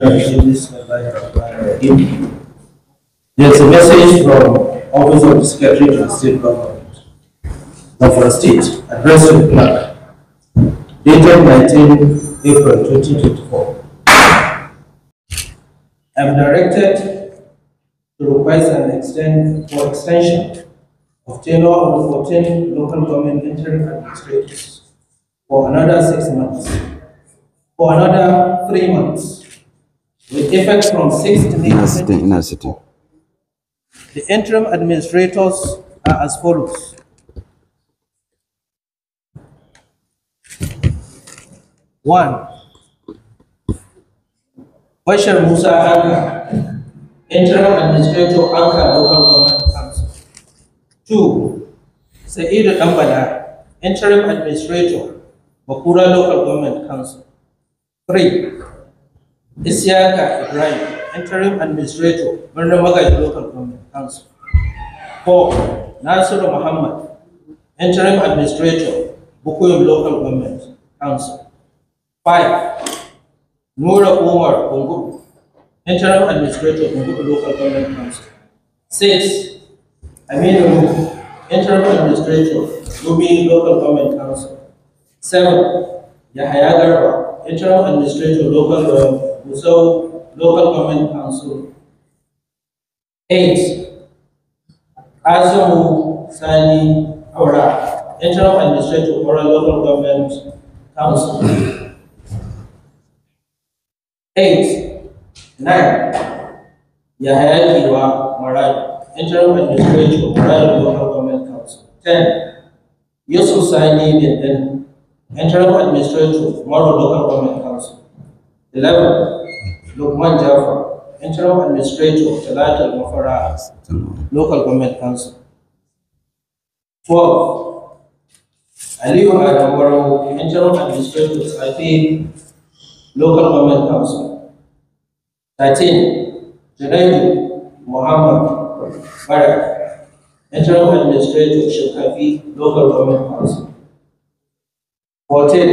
There's a message from Office of the Secretary to the State Government of our state addressed to the clerk dated 19 April 2024. I'm directed to request an extend for extension of tenure of 14 local government interim administrators for another six months, for another three months with effect from 6th May. Nasty, The interim administrators are as follows. One, Bashar Musa interim administrator Anka local government council. Two, Sa'idu Dambada, interim administrator Bakura local government council. Three, Isiaka Ibrahim, Interim Administrator, Murnumagai Local Government Council. 4. Nasiru Muhammad, Interim Administrator, Bukuyum Local Government Council. 5. Nura Umar Bungubu, Interim Administrator, Bungubu Local Government Council. 6. Aminu Interim Administrator, Gumi Local Government Council. 7. Yahaya Garba, Interim Administrator, Local Government Gusau Local Government Council. 8. signing Sani Aura, Interim Administrative for Local Government Council. 8. 9. Yahya Kiwa Marad, Interim Administrative for Local Government Council. 10. Yusuf Sani Bintin, Interim Administrative for Local Government Council. 11. Lukman Jaffa, Interim Administrator of Talat al Mufara Local Government Council. 12. Aliyu Adamaro, Interim Administrator of Saifi Local Government Council. 13. Muhammad Barak, Interim Administrator of Local Government Council. 14.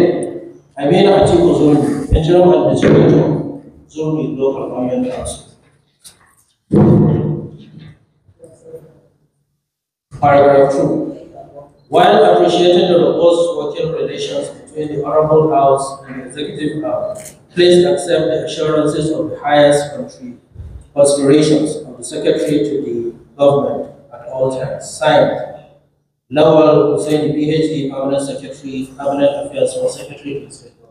Atiku Zulu, Interim Administrator জমি local government আছে Paragraph 2. While appreciating the robust working relations between the Honorable House and the Executive House, please accept the assurances of the highest country aspirations of the Secretary to the Government at all times. Signed, Lawal Hussein, PhD, Cabinet Secretary, Cabinet Affairs for Secretary to State